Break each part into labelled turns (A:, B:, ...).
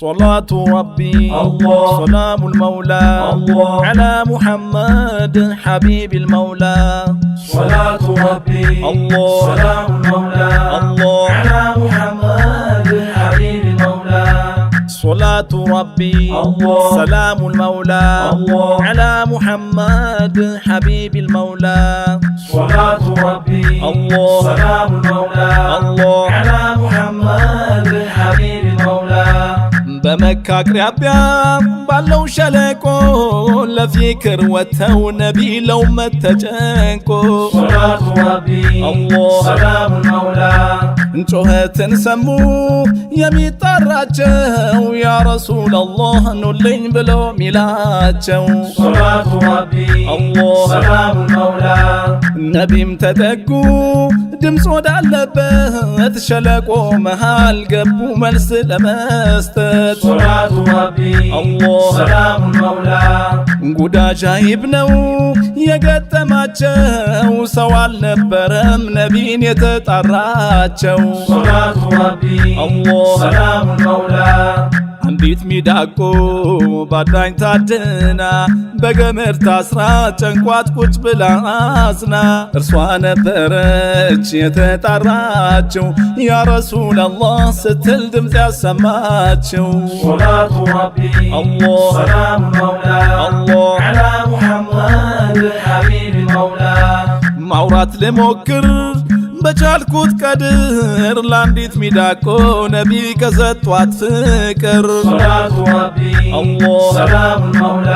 A: صلاة ربي الله
B: سلام المولى الله على محمد حبيب المولى صلاة ربي الله سلام المولى الله على محمد حبيب المولى صلاة ربي الله سلام المولى الله على محمد حبيب المولى صلاة ربي الله سلام المولى الله على محمد حبيب المولى በመካ አቅራቢያ ባለው ሸለቆ ለዚክር ወተው ነቢ ለውመት ተጨንቆ ሶላቱ ረቢ አላሁ ሰላሙን አውላ ጩኸትን ሰሙ የሚጠራቸው ያ ረሱለላህ ኑልኝ ብሎ ሚላቸው ሶላቱ ረቢ ሰላሙ መውላ ነቢም ተጠጉ ድምፅ ወዳለበት ሸለቆ መሃል ገቡ መልስ ለመስጠት ሶላቱ ረቢ ሰላሙ መውላ ጉዳጃ ይብ ነው የገጠማቸው ሰው አልነበረም ነቢን የተጣራቸው ሶላቱ ረቢ ሰላሙ መውላ አንዲት ሚዳቆ ባዳኝ ታድና በገመድ ታስራ ጨንቋት ቁጭ ብላ አዝና እርሷ ነበረች የተጣራችው ያ ረሱላላህ ስትል ድምፅ ያሰማችው ሶላቱ ረቢ ሰላሙ መውላ ዐላ ሙሐመድ ሐቢቢ መውላ ማውራት ልሞክር በቻልኩት ቀድር ለአንዲት ሚዳቆ ነቢ ከሰጧት ፍቅር ሰላቱ ረቢ አላ ሰላሙ መውላ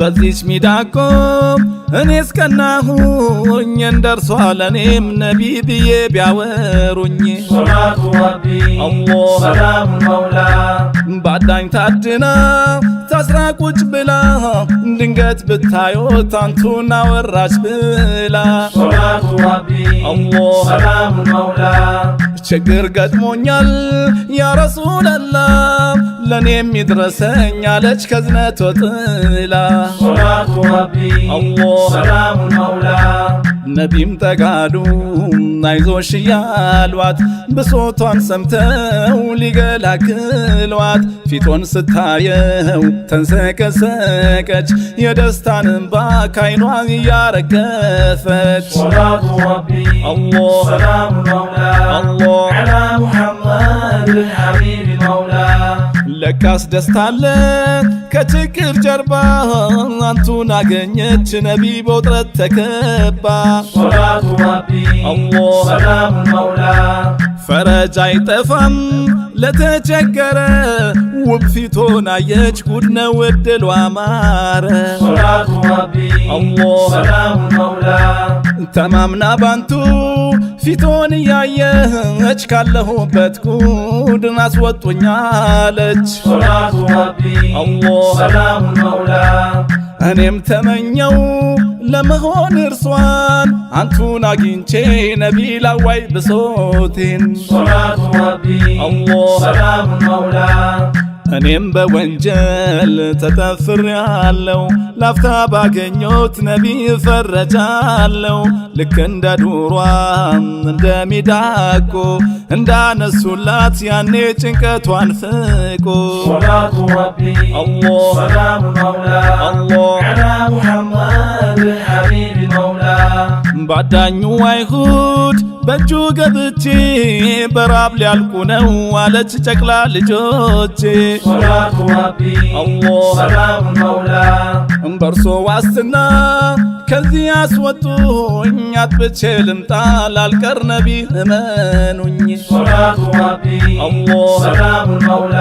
B: በዚች ሚዳቆ እኔ እስቀናሁኝ እንደርሷ ለእኔም ነቢ ብዬ ቢያወሩኝ ሶላቱ ረቢ ሰላሙ መውላ ባዳኝ ታድና ታስራ ቁጭ ብላ ድንገት ብታዮ ታንቱና አወራች ብላ ሶላቱ ረቢ ሰላሙ መውላ ችግር ገጥሞኛል ያ ረሱላላ ለኔም ይድረሰኝ አለች ከዝነት ወጥላ ሶላቱ ረቢ ሰላሙ መውላ ነቢም ተጋዱ አይዞሽ እያሏት ብሶቷን ሰምተው ሊገላግሏት ፊቶን ስታየው ተንሰቀሰቀች የደስታን እንባ ካይኗ እያረገፈች ሰላሙ ሙሐመድ ለካስ ደስታለ ከችግር ጀርባ አንቱን አገኘች ነቢ በውጥረት ተከባ ሶላቱ ረቢ ሰላሙ መውላ ፈረጅ አይጠፋም ለተቸገረ ውብ ፊቶን አየች ጉድ ነው እድሉ አማረ ሶላቱ ረቢ ሰላሙ መውላ ተማምና ባንቱ ፊቶን እያየች ካለሁበት ጉድን አስወጡኛለች። ሶላቱ ረቢ ሰላሙ መውላ እኔም ተመኘው ለመሆን እርሷን አንቱን አግኝቼ ዋይ ብሶቴን ሶላቱ ረቢ ሰላሙ መውላ እኔም በወንጀል ተጠፍሬአለው ላፍታ ባገኘሁት ነቢ ፈረጃለው ልክ እንደ ዱሯ እንደሚዳቆ እንዳነሱላት ያኔ ጭንቀቷን ፍቆ ሶላቱ ረቢ ሰላሙ መውላ አዳኙ አይሁድ በእጁ ገብቼ በራብ ሊያልቁ ነው አለች ጨቅላ ልጆቼ። ሶላቱ ረቢ ሰላሙ መውላ እንበርሶ ዋስትና ከዚህ አስወጡኝ አጥብቼ ልምጣ ላልቀር ነቢ እመኑኝ። ሶላቱ ረቢ ሰላሙ መውላ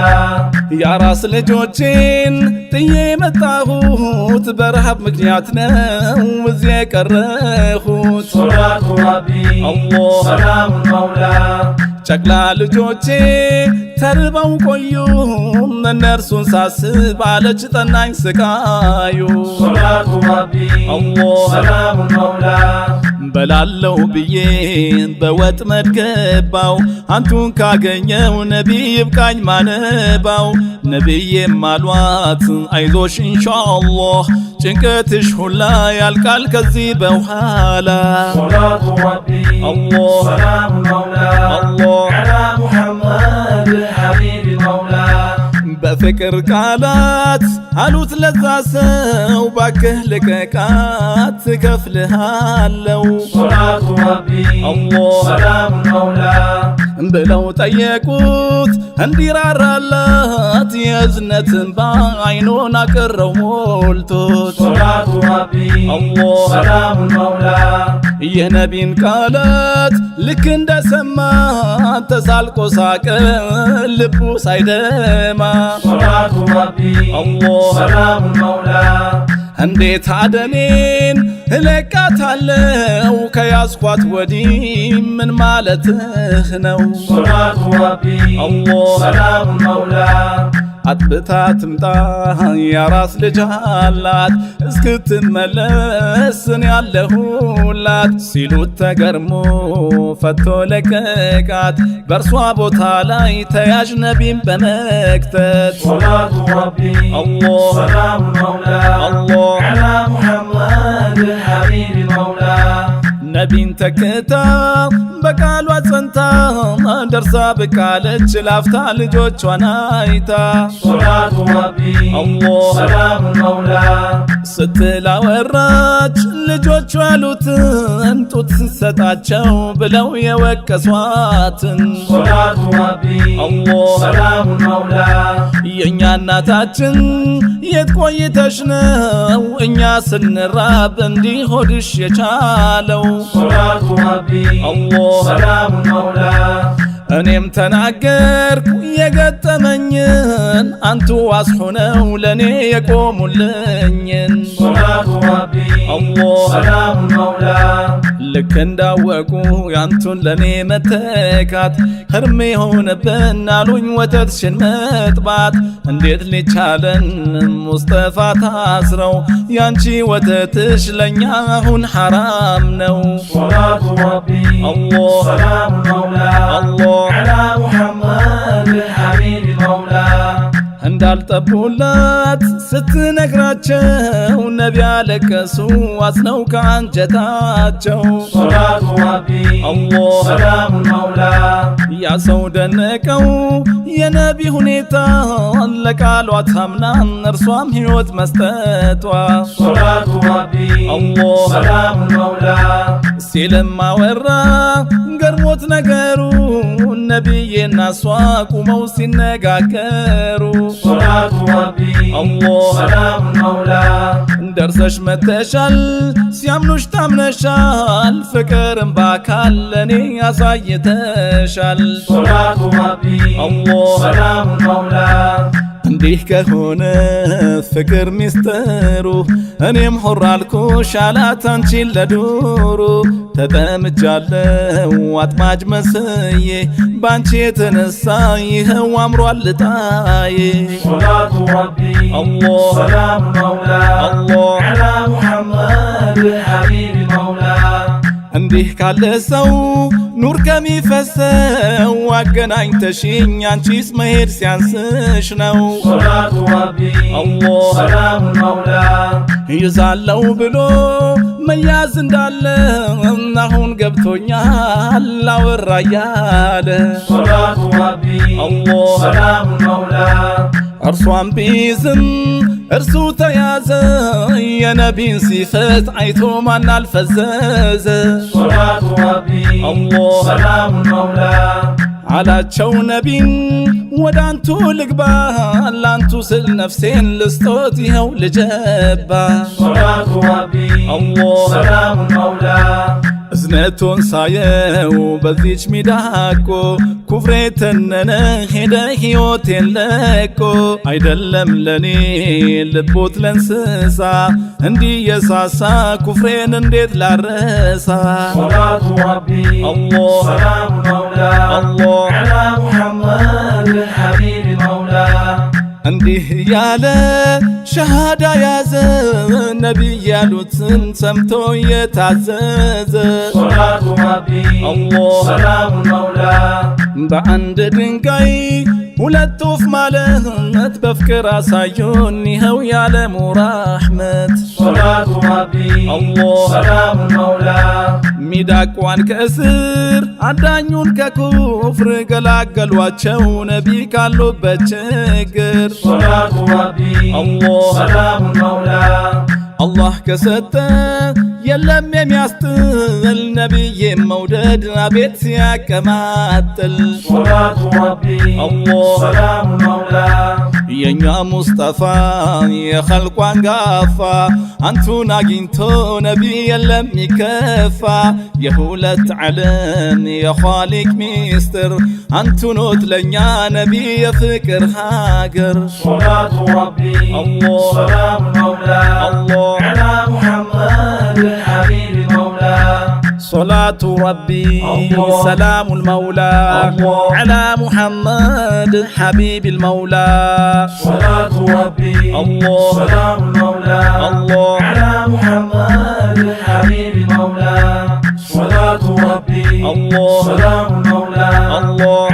B: የአራስ ልጆቼን ጥዬ መጣሁት በረሃብ ምክንያት ነው እዚህ የቀረሁት። ሶላቱ ረቢ ሰላሙን መውላ ጨቅላ ልጆቼ ተርበው ቆዩ እነርሱን ሳስብ አለች ጠናኝ ስቃዩ ሶላቱ ረቢ አላሁ ሰላሙን መውላ በላለው ብዬ በወጥመድ ገባው አንቱን ካገኘው ነቢይ ብቃኝ ማነባው ነቢዬ ማሏት አይዞሽ ኢንሻአላህ ጭንቀትሽ ሁላ ያልቃል ከዚህ በኋላ በፍቅር ቃላት አሉት ለዛ ሰው ባክህ ልቀቃት ትከፍልሃለው ሶላቱ ረቢ አላህ ሰላሙ መውላ ብለው ጠየቁት እንዲራራላት የእዝነት እንባ አይኑን አቅረው ሞልቶት ሶላቱ ረቢ ሰላሙን መውላ የነቢን ቃላት ልክ እንደሰማ ተሳልቆ ሳቀ ልቡ ሳይደማ ሶላቱ ረቢ ሰላሙን መውላ እንዴት አደኔን እለቃታለው ከያዝኳት ወዲህ ምን ማለትህ ነው? ሶላቱ ረቢ ሰላሙ መውላ አጥብታ ትምጣ ያራስ ልጅ አላት እስክትመለስን ያለሁላት ሲሉት ተገርሞ ፈቶ ለቀቃት። በእርሷ ቦታ ላይ ተያዥ ነቢም በመክተት ሶላቱ ረቢ ሰላሙ መውላ
A: አላ
B: ሙሐመድ ሐቢቢ መውላ ነቢን ተክታ በቃሏ ጸንታ ደርሳ ብቃለች ላፍታ ልጆቿን አይታ ሶላቱ ረቢ አላሁ ሰላሙ መውላ ስትል ልጆቹ ያሉት እንጡት ስሰጣቸው ብለው የወቀሷትን ሶላቱ ረቢ ሰላሙ መውላ የእኛ እናታችን የት ቆይተሽ ነው እኛ ስንራብ እንዲህ ሆድሽ የቻለው ሶላቱ ረቢ ሰላሙ መውላ እኔም ተናገርኩ የገጠመኝን አንቱ አስሆነው ለእኔ የቆሙልኝን ሰላም መውላ ልክ እንዳወቁ ያንቱን ለኔ መተካት ህርሜ ሆነብን አሉኝ ወተትሽን መጥባት እንዴት ሊቻለን ሙስጠፋ ታስረው ያንቺ ወተትሽ ለእኛ አሁን ሐራም ነው። ሶላቱ ረቢ ሰላሙ መውላ
A: አላ
B: ሙሐመድ ሐቢብ እንዳልጠቡለት ስትነግራቸው ነቢ አለቀሱ አዝነው ከአንጀታቸው። ሶላቱ አቢ ሰላሙ መውላ ያ ሰው ደነቀው የነቢ ሁኔታ ለቃሏ ታምና እርሷም ህይወት መስጠቷ። ሶላቱ አቢ ሰላሙ መውላ ሲልማ ወራ ገርሞት ነገሩ ነቢዬና እሷ ቁመው ሲነጋገሩ ሶላቱ ረቢ ሰላሙ መውላ ደርሰሽ መተሻል ሲያምኑሽ ታምነሻል ፍቅርን በአካል ለኔ አሳይተሻል ሶላቱ ረቢ ሰላሙ መውላ እንዲህ ከሆነ ፍቅር ሚስጥሩ እኔም ሆራ አልኩሽ አላት አንቺን ለዱሩ ተጠምጃለው አጥማጅ መስዬ ባንቺ የተነሳ ይኸው አምሯል ልጣዬ ሶላቱ ረቢ ሰላሙ መውላ ዐላ ሙሐመድ ሐቢቢ መውላ እንዲህ ካለ ሰው ኑር ከሚፈሰው አገናኝተሽኝ አንቺስ መሄድ ሲያንስሽ ነው። ሶላቱ ረቢ ሰላሙ መውላ ይዛለው ብሎ መያዝ እንዳለ አሁን ገብቶኛል። አወራ ያለ ሶላቱ ረቢ ሰላሙ መውላ እርሷም ቢዝም እርሱ ተያዘ የነቢን ሲፈት አይቶ ማን አልፈዘዘ ሶላቱ ረቢ ሰላሙ መውላ አላቸው ነቢን ወደ አንቱ ልግባ ላንቱ ስል ነፍሴን ልስጦት ይኸው ልጀባ ሶላቱ ረቢ ሰላሙ መውላ እዝነቱን ሳየው በዚች ሚዳቆ ኩፍሬ ተነነ ሄደ ሕይወቴን ለቆ አይደለም ለኔ ልቦት ለእንስሳ እንዲህ የሳሳ ኩፍሬን እንዴት ላረሳ ሶላቱ ረቢ ሰላሙ መውላ አላ ሙሐመድ እንዲህ ያለ ሸሃዳ ያዘ ነቢይ ያሉትን ሰምቶ የታዘዘ ሶላቱ ረቢ ሰላሙ መውላ በአንድ ድንጋይ ሁለት ወፍ ማለት በፍቅር አሳዩን ይኸው ያለሙ ራሕመት ሶላቱ አቢ ሰላሙ መውላ ሚዳቋን ከእስር አዳኙን ከኩፍር ገላገሏቸው ነቢ ካሉበት ችግር ሶላቱ አቢ ሰላሙ መውላ አላህ ከሰጠ የለም የሚያስጥል ነቢዬ መውደድ አቤት ሲያቀማጥል ሶላቱ ረቢ ሰላሙ መውላ የኛ ሙስጠፋ የኸልቁ አንጋፋ አንቱን አግኝቶ ነቢ የለም ይከፋ የሁለት ዓለም የኻሊቅ ሚስጥር አንቱኖት ለእኛ ነቢ የፍቅር ሀገር ሶላቱ ረቢ ሰላሙ صلاة ربي سلام المولى على محمد حبيب المولى صلاة ربي الله سلام المولى الله على محمد حبيب المولى صلاة ربي الله سلام المولى
A: الله